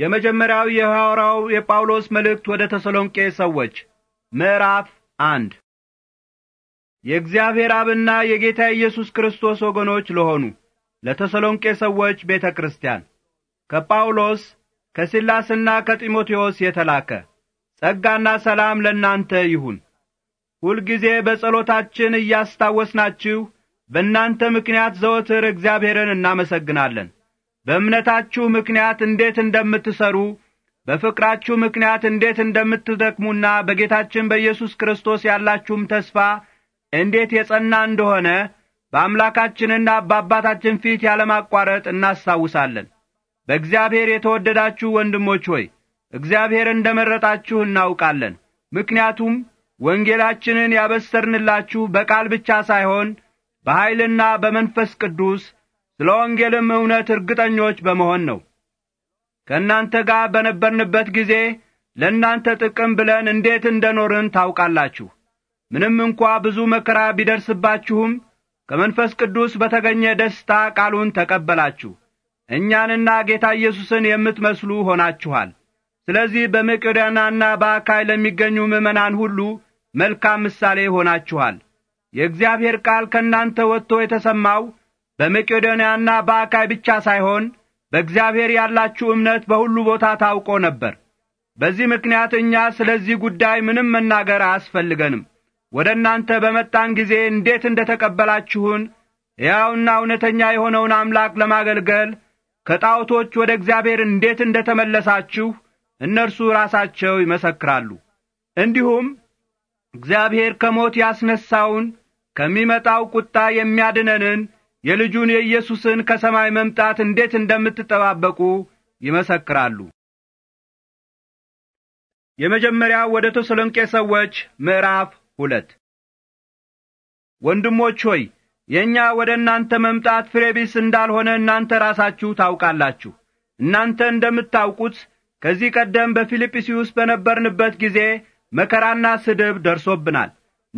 የመጀመሪያው የሐዋርያው የጳውሎስ መልእክት ወደ ተሰሎንቄ ሰዎች ምዕራፍ አንድ የእግዚአብሔር አብና የጌታ ኢየሱስ ክርስቶስ ወገኖች ለሆኑ ለተሰሎንቄ ሰዎች ቤተ ክርስቲያን ከጳውሎስ ከሲላስና ከጢሞቴዎስ የተላከ ጸጋና ሰላም ለእናንተ ይሁን። ሁልጊዜ በጸሎታችን እያስታወስናችሁ በእናንተ ምክንያት ዘወትር እግዚአብሔርን እናመሰግናለን። በእምነታችሁ ምክንያት እንዴት እንደምትሰሩ በፍቅራችሁ ምክንያት እንዴት እንደምትደክሙና በጌታችን በኢየሱስ ክርስቶስ ያላችሁም ተስፋ እንዴት የጸና እንደሆነ በአምላካችንና በአባታችን ፊት ያለማቋረጥ እናስታውሳለን። በእግዚአብሔር የተወደዳችሁ ወንድሞች ሆይ እግዚአብሔር እንደ መረጣችሁ እናውቃለን። ምክንያቱም ወንጌላችንን ያበሰርንላችሁ በቃል ብቻ ሳይሆን በኃይልና በመንፈስ ቅዱስ ስለ ወንጌልም እውነት እርግጠኞች በመሆን ነው። ከእናንተ ጋር በነበርንበት ጊዜ ለእናንተ ጥቅም ብለን እንዴት እንደኖርን ታውቃላችሁ። ምንም እንኳ ብዙ መከራ ቢደርስባችሁም ከመንፈስ ቅዱስ በተገኘ ደስታ ቃሉን ተቀበላችሁ፣ እኛንና ጌታ ኢየሱስን የምትመስሉ ሆናችኋል። ስለዚህ በመቄዶንያና በአካይ ለሚገኙ ምዕመናን ሁሉ መልካም ምሳሌ ሆናችኋል። የእግዚአብሔር ቃል ከእናንተ ወጥቶ የተሰማው በመቄዶንያና በአካይ ብቻ ሳይሆን በእግዚአብሔር ያላችሁ እምነት በሁሉ ቦታ ታውቆ ነበር። በዚህ ምክንያት እኛ ስለዚህ ጉዳይ ምንም መናገር አያስፈልገንም። ወደ እናንተ በመጣን ጊዜ እንዴት እንደ ተቀበላችሁን ሕያውና እውነተኛ የሆነውን አምላክ ለማገልገል ከጣዖቶች ወደ እግዚአብሔር እንዴት እንደ ተመለሳችሁ እነርሱ ራሳቸው ይመሰክራሉ። እንዲሁም እግዚአብሔር ከሞት ያስነሣውን ከሚመጣው ቁጣ የሚያድነንን የልጁን የኢየሱስን ከሰማይ መምጣት እንዴት እንደምትጠባበቁ ይመሰክራሉ። የመጀመሪያው ወደ ተሰሎንቄ ሰዎች ምዕራፍ ሁለት ወንድሞች ሆይ የእኛ ወደ እናንተ መምጣት ፍሬ ቢስ እንዳልሆነ እናንተ ራሳችሁ ታውቃላችሁ። እናንተ እንደምታውቁት ከዚህ ቀደም በፊልጵስዩስ በነበርንበት ጊዜ መከራና ስድብ ደርሶብናል።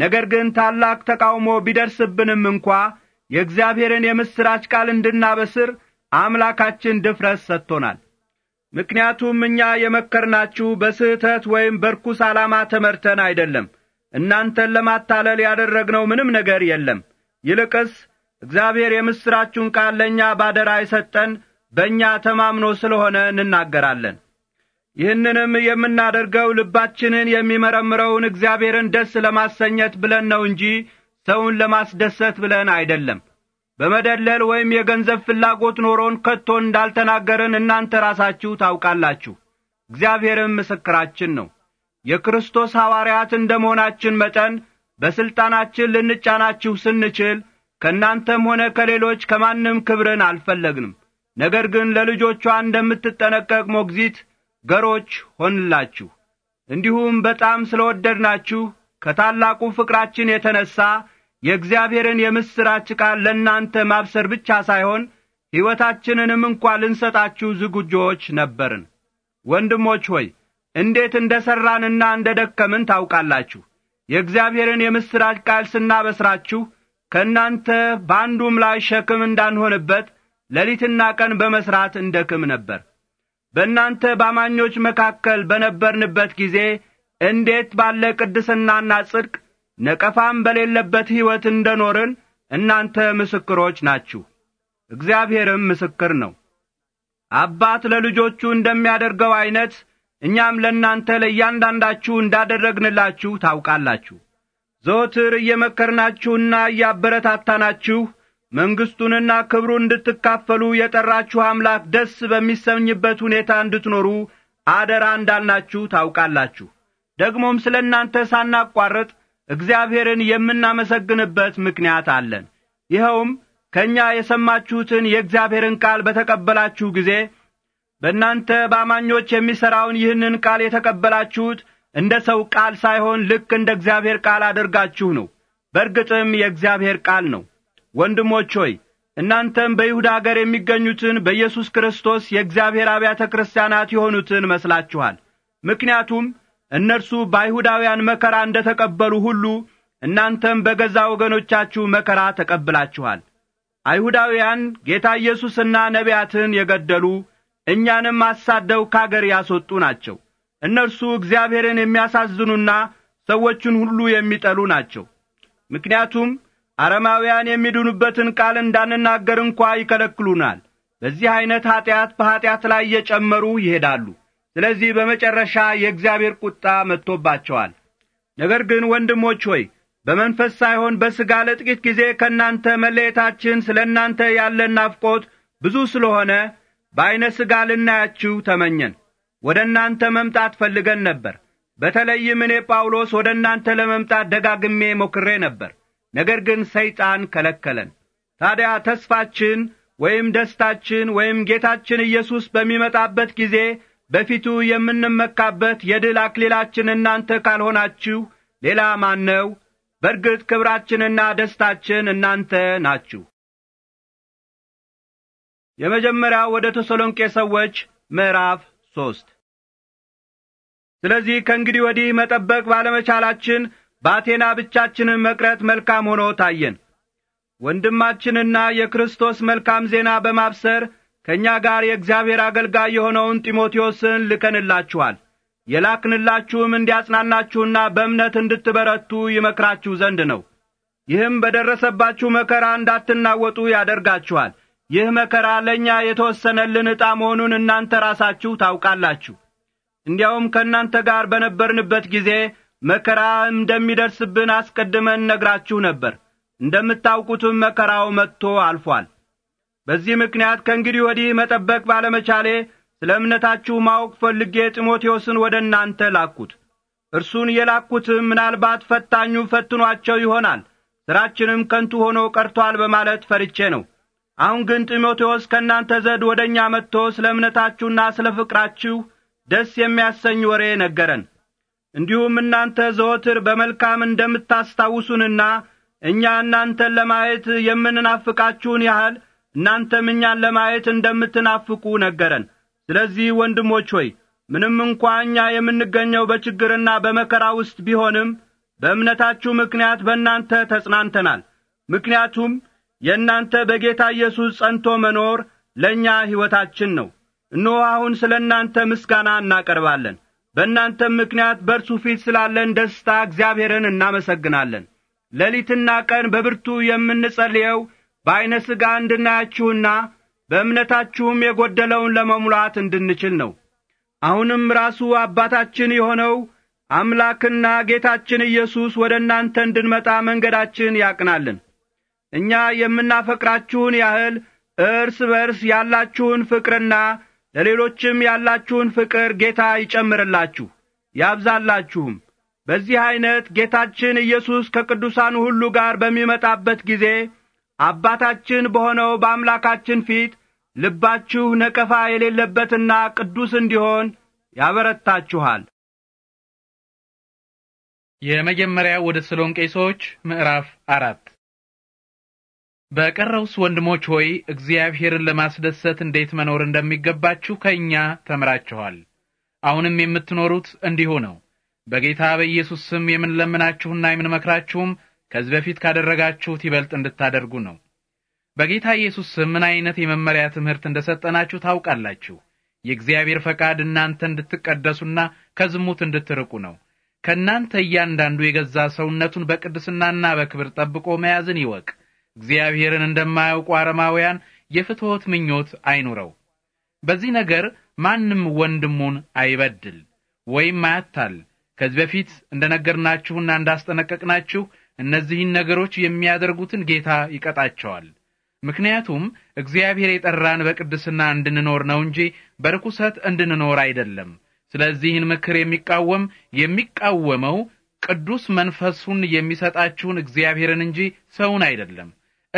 ነገር ግን ታላቅ ተቃውሞ ቢደርስብንም እንኳ የእግዚአብሔርን የምሥራች ቃል እንድናበስር አምላካችን ድፍረት ሰጥቶናል። ምክንያቱም እኛ የመከርናችሁ በስህተት ወይም በርኩስ ዓላማ ተመርተን አይደለም። እናንተን ለማታለል ያደረግነው ምንም ነገር የለም። ይልቅስ እግዚአብሔር የምሥራችሁን ቃል ለእኛ ባደራ የሰጠን በእኛ ተማምኖ ስለሆነ እንናገራለን። ይህንንም የምናደርገው ልባችንን የሚመረምረውን እግዚአብሔርን ደስ ለማሰኘት ብለን ነው እንጂ ሰውን ለማስደሰት ብለን አይደለም። በመደለል ወይም የገንዘብ ፍላጎት ኖሮን ከቶ እንዳልተናገርን እናንተ ራሳችሁ ታውቃላችሁ። እግዚአብሔርም ምስክራችን ነው። የክርስቶስ ሐዋርያት እንደ መሆናችን መጠን በሥልጣናችን ልንጫናችሁ ስንችል ከእናንተም ሆነ ከሌሎች ከማንም ክብርን አልፈለግንም። ነገር ግን ለልጆቿ እንደምትጠነቀቅ ሞግዚት ገሮች ሆንላችሁ። እንዲሁም በጣም ስለ ወደድናችሁ ከታላቁ ፍቅራችን የተነሣ የእግዚአብሔርን የምሥራች ቃል ለእናንተ ማብሰር ብቻ ሳይሆን ሕይወታችንንም እንኳ ልንሰጣችሁ ዝግጆች ነበርን። ወንድሞች ሆይ እንዴት እንደ ሠራንና እንደ ደከምን ታውቃላችሁ። የእግዚአብሔርን የምሥራች ቃል ስናበስራችሁ ከእናንተ በአንዱም ላይ ሸክም እንዳንሆንበት ሌሊትና ቀን በመሥራት እንደክም ነበር። በእናንተ በአማኞች መካከል በነበርንበት ጊዜ እንዴት ባለ ቅድስናና ጽድቅ ነቀፋም በሌለበት ሕይወት እንደ ኖርን እናንተ ምስክሮች ናችሁ። እግዚአብሔርም ምስክር ነው። አባት ለልጆቹ እንደሚያደርገው ዐይነት እኛም ለእናንተ ለእያንዳንዳችሁ እንዳደረግንላችሁ ታውቃላችሁ። ዘወትር እየመከርናችሁና እያበረታታናችሁ መንግሥቱንና ክብሩን እንድትካፈሉ የጠራችሁ አምላክ ደስ በሚሰኝበት ሁኔታ እንድትኖሩ አደራ እንዳልናችሁ ታውቃላችሁ። ደግሞም ስለ እናንተ ሳናቋርጥ እግዚአብሔርን የምናመሰግንበት ምክንያት አለን። ይኸውም ከእኛ የሰማችሁትን የእግዚአብሔርን ቃል በተቀበላችሁ ጊዜ በእናንተ በአማኞች የሚሠራውን ይህንን ቃል የተቀበላችሁት እንደ ሰው ቃል ሳይሆን ልክ እንደ እግዚአብሔር ቃል አድርጋችሁ ነው። በእርግጥም የእግዚአብሔር ቃል ነው። ወንድሞች ሆይ እናንተም በይሁዳ አገር የሚገኙትን በኢየሱስ ክርስቶስ የእግዚአብሔር አብያተ ክርስቲያናት የሆኑትን መስላችኋል። ምክንያቱም እነርሱ በአይሁዳውያን መከራ እንደ ተቀበሉ ሁሉ እናንተም በገዛ ወገኖቻችሁ መከራ ተቀብላችኋል አይሁዳውያን ጌታ ኢየሱስና ነቢያትን የገደሉ እኛንም አሳደው ካገር ያስወጡ ናቸው እነርሱ እግዚአብሔርን የሚያሳዝኑና ሰዎችን ሁሉ የሚጠሉ ናቸው ምክንያቱም አረማውያን የሚድኑበትን ቃል እንዳንናገር እንኳ ይከለክሉናል በዚህ ዐይነት ኀጢአት በኀጢአት ላይ እየጨመሩ ይሄዳሉ ስለዚህ በመጨረሻ የእግዚአብሔር ቁጣ መጥቶባቸዋል ነገር ግን ወንድሞች ሆይ በመንፈስ ሳይሆን በሥጋ ለጥቂት ጊዜ ከእናንተ መለየታችን ስለ እናንተ ያለን ናፍቆት ብዙ ስለሆነ በዐይነ ሥጋ ልናያችሁ ተመኘን ወደ እናንተ መምጣት ፈልገን ነበር በተለይም እኔ ጳውሎስ ወደ እናንተ ለመምጣት ደጋግሜ ሞክሬ ነበር ነገር ግን ሰይጣን ከለከለን ታዲያ ተስፋችን ወይም ደስታችን ወይም ጌታችን ኢየሱስ በሚመጣበት ጊዜ በፊቱ የምንመካበት የድል አክሊላችን እናንተ ካልሆናችሁ ሌላ ማን ነው? በርግጥ ክብራችንና ደስታችን እናንተ ናችሁ። የመጀመሪያው ወደ ተሰሎንቄ ሰዎች ምዕራፍ ሶስት ስለዚህ ከእንግዲህ ወዲህ መጠበቅ ባለመቻላችን በአቴና ብቻችንን መቅረት መልካም ሆኖ ታየን። ወንድማችንና የክርስቶስ መልካም ዜና በማብሰር ከእኛ ጋር የእግዚአብሔር አገልጋይ የሆነውን ጢሞቴዎስን ልከንላችኋል። የላክንላችሁም እንዲያጽናናችሁና በእምነት እንድትበረቱ ይመክራችሁ ዘንድ ነው። ይህም በደረሰባችሁ መከራ እንዳትናወጡ ያደርጋችኋል። ይህ መከራ ለእኛ የተወሰነልን ዕጣ መሆኑን እናንተ ራሳችሁ ታውቃላችሁ። እንዲያውም ከእናንተ ጋር በነበርንበት ጊዜ መከራ እንደሚደርስብን አስቀድመን ነግራችሁ ነበር። እንደምታውቁትም መከራው መጥቶ አልፏል። በዚህ ምክንያት ከእንግዲህ ወዲህ መጠበቅ ባለመቻሌ ስለ እምነታችሁ ማወቅ ፈልጌ ጢሞቴዎስን ወደ እናንተ ላኩት። እርሱን የላኩትም ምናልባት ፈታኙ ፈትኗቸው ይሆናል፣ ሥራችንም ከንቱ ሆኖ ቀርቶአል በማለት ፈርቼ ነው። አሁን ግን ጢሞቴዎስ ከእናንተ ዘድ ወደ እኛ መጥቶ ስለ እምነታችሁና ስለ ፍቅራችሁ ደስ የሚያሰኝ ወሬ ነገረን። እንዲሁም እናንተ ዘወትር በመልካም እንደምታስታውሱንና እኛ እናንተን ለማየት የምንናፍቃችሁን ያህል እናንተም እኛን ለማየት እንደምትናፍቁ ነገረን። ስለዚህ ወንድሞች ሆይ ምንም እንኳ እኛ የምንገኘው በችግርና በመከራ ውስጥ ቢሆንም በእምነታችሁ ምክንያት በእናንተ ተጽናንተናል። ምክንያቱም የእናንተ በጌታ ኢየሱስ ጸንቶ መኖር ለእኛ ሕይወታችን ነው። እነሆ አሁን ስለ እናንተ ምስጋና እናቀርባለን። በእናንተም ምክንያት በእርሱ ፊት ስላለን ደስታ እግዚአብሔርን እናመሰግናለን። ሌሊትና ቀን በብርቱ የምንጸልየው በዐይነ ሥጋ እንድናያችሁና በእምነታችሁም የጐደለውን ለመሙላት እንድንችል ነው። አሁንም ራሱ አባታችን የሆነው አምላክና ጌታችን ኢየሱስ ወደ እናንተ እንድንመጣ መንገዳችን ያቅናልን። እኛ የምናፈቅራችሁን ያህል እርስ በርስ ያላችሁን ፍቅርና ለሌሎችም ያላችሁን ፍቅር ጌታ ይጨምርላችሁ ያብዛላችሁም። በዚህ ዐይነት ጌታችን ኢየሱስ ከቅዱሳን ሁሉ ጋር በሚመጣበት ጊዜ አባታችን በሆነው በአምላካችን ፊት ልባችሁ ነቀፋ የሌለበትና ቅዱስ እንዲሆን ያበረታችኋል። የመጀመሪያ ወደ ተሰሎንቄ ሰዎች ምዕራፍ አራት በቀረውስ ወንድሞች ሆይ እግዚአብሔርን ለማስደሰት እንዴት መኖር እንደሚገባችሁ ከእኛ ተምራችኋል። አሁንም የምትኖሩት እንዲሁ ነው። በጌታ በኢየሱስ ስም የምንለምናችሁና የምንመክራችሁም ከዚህ በፊት ካደረጋችሁት ይበልጥ እንድታደርጉ ነው። በጌታ ኢየሱስ ስም ምን አይነት የመመሪያ ትምህርት እንደሰጠናችሁ ታውቃላችሁ። የእግዚአብሔር ፈቃድ እናንተ እንድትቀደሱና ከዝሙት እንድትርቁ ነው። ከእናንተ እያንዳንዱ የገዛ ሰውነቱን በቅድስናና በክብር ጠብቆ መያዝን ይወቅ። እግዚአብሔርን እንደማያውቁ አረማውያን የፍትሆት ምኞት አይኑረው። በዚህ ነገር ማንም ወንድሙን አይበድል ወይም አያታል። ከዚህ በፊት ነገርናችሁና እንዳስጠነቀቅናችሁ እነዚህን ነገሮች የሚያደርጉትን ጌታ ይቀጣቸዋል። ምክንያቱም እግዚአብሔር የጠራን በቅድስና እንድንኖር ነው እንጂ በርኩሰት እንድንኖር አይደለም። ስለዚህን ምክር የሚቃወም የሚቃወመው ቅዱስ መንፈሱን የሚሰጣችሁን እግዚአብሔርን እንጂ ሰውን አይደለም።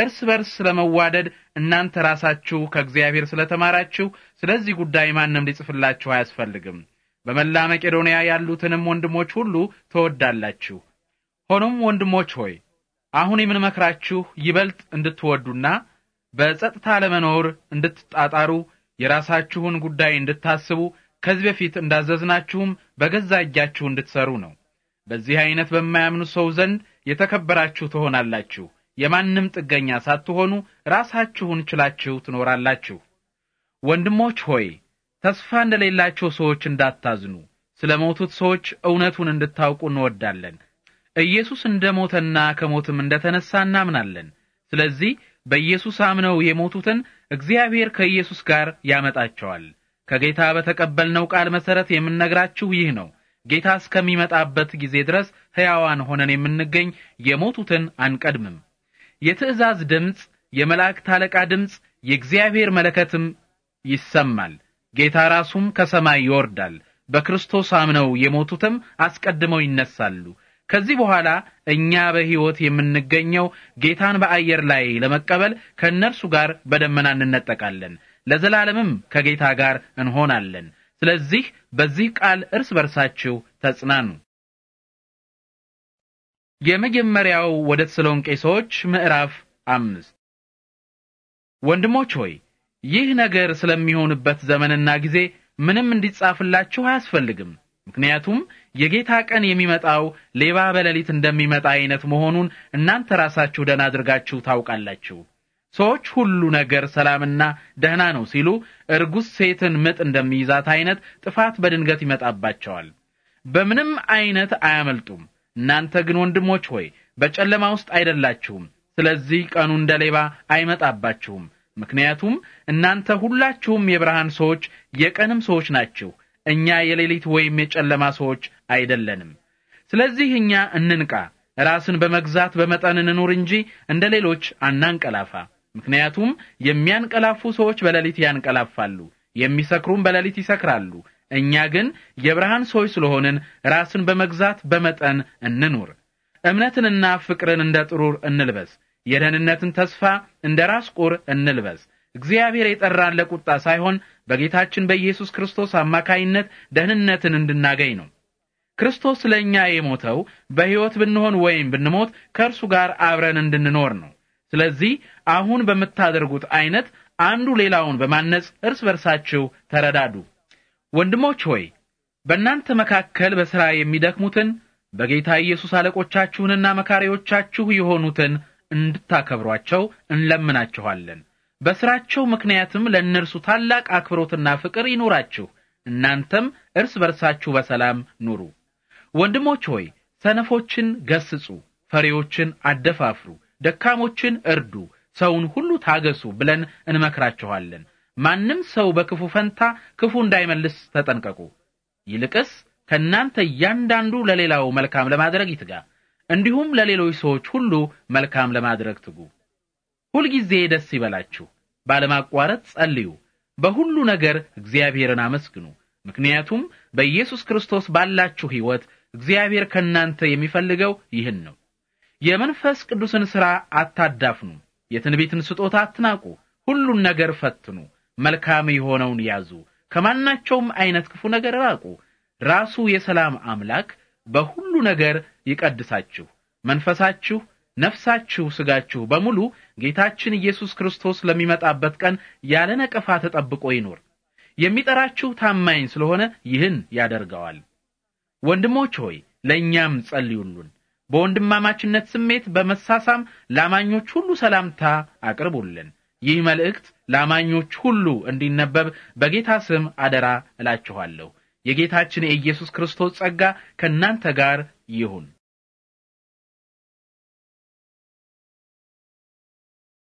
እርስ በርስ ስለመዋደድ እናንተ ራሳችሁ ከእግዚአብሔር ስለተማራችሁ ስለዚህ ጉዳይ ማንም ሊጽፍላችሁ አያስፈልግም። በመላ መቄዶንያ ያሉትንም ወንድሞች ሁሉ ትወዳላችሁ። ሆኖም ወንድሞች ሆይ አሁን የምንመክራችሁ ይበልጥ እንድትወዱና በጸጥታ ለመኖር እንድትጣጣሩ የራሳችሁን ጉዳይ እንድታስቡ ከዚህ በፊት እንዳዘዝናችሁም በገዛ እጃችሁ እንድትሰሩ ነው። በዚህ አይነት በማያምኑ ሰው ዘንድ የተከበራችሁ ትሆናላችሁ። የማንም ጥገኛ ሳትሆኑ ራሳችሁን ችላችሁ ትኖራላችሁ። ወንድሞች ሆይ ተስፋ እንደሌላቸው ሰዎች እንዳታዝኑ፣ ስለ ሞቱት ሰዎች እውነቱን እንድታውቁ እንወዳለን። ኢየሱስ እንደ ሞተና ከሞትም እንደ ተነሳ እናምናለን። ስለዚህ በኢየሱስ አምነው የሞቱትን እግዚአብሔር ከኢየሱስ ጋር ያመጣቸዋል። ከጌታ በተቀበልነው ቃል መሰረት የምነግራችሁ ይህ ነው። ጌታ እስከሚመጣበት ጊዜ ድረስ ሕያዋን ሆነን የምንገኝ የሞቱትን አንቀድምም። የትእዛዝ ድምፅ፣ የመላእክት አለቃ ድምፅ፣ የእግዚአብሔር መለከትም ይሰማል። ጌታ ራሱም ከሰማይ ይወርዳል። በክርስቶስ አምነው የሞቱትም አስቀድመው ይነሳሉ። ከዚህ በኋላ እኛ በሕይወት የምንገኘው ጌታን በአየር ላይ ለመቀበል ከእነርሱ ጋር በደመና እንነጠቃለን፣ ለዘላለምም ከጌታ ጋር እንሆናለን። ስለዚህ በዚህ ቃል እርስ በርሳችሁ ተጽናኑ። የመጀመሪያው ወደ ተሰሎንቄ ሰዎች ምዕራፍ አምስት ወንድሞች ሆይ ይህ ነገር ስለሚሆንበት ዘመንና ጊዜ ምንም እንዲጻፍላችሁ አያስፈልግም። ምክንያቱም የጌታ ቀን የሚመጣው ሌባ በሌሊት እንደሚመጣ አይነት መሆኑን እናንተ ራሳችሁ ደህና አድርጋችሁ ታውቃላችሁ። ሰዎች ሁሉ ነገር ሰላምና ደህና ነው ሲሉ እርጉዝ ሴትን ምጥ እንደሚይዛት አይነት ጥፋት በድንገት ይመጣባቸዋል። በምንም አይነት አያመልጡም። እናንተ ግን ወንድሞች ሆይ በጨለማ ውስጥ አይደላችሁም። ስለዚህ ቀኑ እንደ ሌባ አይመጣባችሁም። ምክንያቱም እናንተ ሁላችሁም የብርሃን ሰዎች የቀንም ሰዎች ናችሁ። እኛ የሌሊት ወይም የጨለማ ሰዎች አይደለንም። ስለዚህ እኛ እንንቃ፣ ራስን በመግዛት በመጠን እንኑር እንጂ እንደ ሌሎች አናንቀላፋ። ምክንያቱም የሚያንቀላፉ ሰዎች በሌሊት ያንቀላፋሉ፣ የሚሰክሩም በሌሊት ይሰክራሉ። እኛ ግን የብርሃን ሰዎች ስለሆንን ራስን በመግዛት በመጠን እንኑር። እምነትንና ፍቅርን እንደ ጥሩር እንልበስ። የደህንነትን ተስፋ እንደ ራስ ቁር እንልበስ። እግዚአብሔር የጠራን ለቁጣ ሳይሆን በጌታችን በኢየሱስ ክርስቶስ አማካይነት ደህንነትን እንድናገኝ ነው። ክርስቶስ ስለ እኛ የሞተው በሕይወት ብንሆን ወይም ብንሞት ከእርሱ ጋር አብረን እንድንኖር ነው። ስለዚህ አሁን በምታደርጉት አይነት አንዱ ሌላውን በማነጽ እርስ በርሳችሁ ተረዳዱ። ወንድሞች ሆይ በእናንተ መካከል በሥራ የሚደክሙትን በጌታ ኢየሱስ አለቆቻችሁንና መካሪዎቻችሁ የሆኑትን እንድታከብሯቸው እንለምናችኋለን። በስራቸው ምክንያትም ለእነርሱ ታላቅ አክብሮትና ፍቅር ይኑራችሁ። እናንተም እርስ በርሳችሁ በሰላም ኑሩ። ወንድሞች ሆይ ሰነፎችን ገስጹ፣ ፈሪዎችን አደፋፍሩ፣ ደካሞችን እርዱ፣ ሰውን ሁሉ ታገሱ ብለን እንመክራችኋለን። ማንም ሰው በክፉ ፈንታ ክፉ እንዳይመልስ ተጠንቀቁ። ይልቅስ ከእናንተ እያንዳንዱ ለሌላው መልካም ለማድረግ ይትጋ፣ እንዲሁም ለሌሎች ሰዎች ሁሉ መልካም ለማድረግ ትጉ። ሁልጊዜ ደስ ይበላችሁ። ባለማቋረጥ ጸልዩ። በሁሉ ነገር እግዚአብሔርን አመስግኑ፣ ምክንያቱም በኢየሱስ ክርስቶስ ባላችሁ ሕይወት እግዚአብሔር ከእናንተ የሚፈልገው ይህን ነው። የመንፈስ ቅዱስን ሥራ አታዳፍኑ፣ የትንቢትን ስጦታ አትናቁ። ሁሉን ነገር ፈትኑ፣ መልካም የሆነውን ያዙ፣ ከማናቸውም ዐይነት ክፉ ነገር ራቁ። ራሱ የሰላም አምላክ በሁሉ ነገር ይቀድሳችሁ፣ መንፈሳችሁ ነፍሳችሁ፣ ስጋችሁ በሙሉ ጌታችን ኢየሱስ ክርስቶስ ለሚመጣበት ቀን ያለ ነቀፋ ተጠብቆ ይኖር። የሚጠራችሁ ታማኝ ስለሆነ ይህን ያደርገዋል። ወንድሞች ሆይ ለእኛም ጸልዩልን። በወንድማማችነት ስሜት በመሳሳም ላማኞች ሁሉ ሰላምታ አቅርቡልን። ይህ መልእክት ላማኞች ሁሉ እንዲነበብ በጌታ ስም አደራ እላችኋለሁ። የጌታችን የኢየሱስ ክርስቶስ ጸጋ ከእናንተ ጋር ይሁን።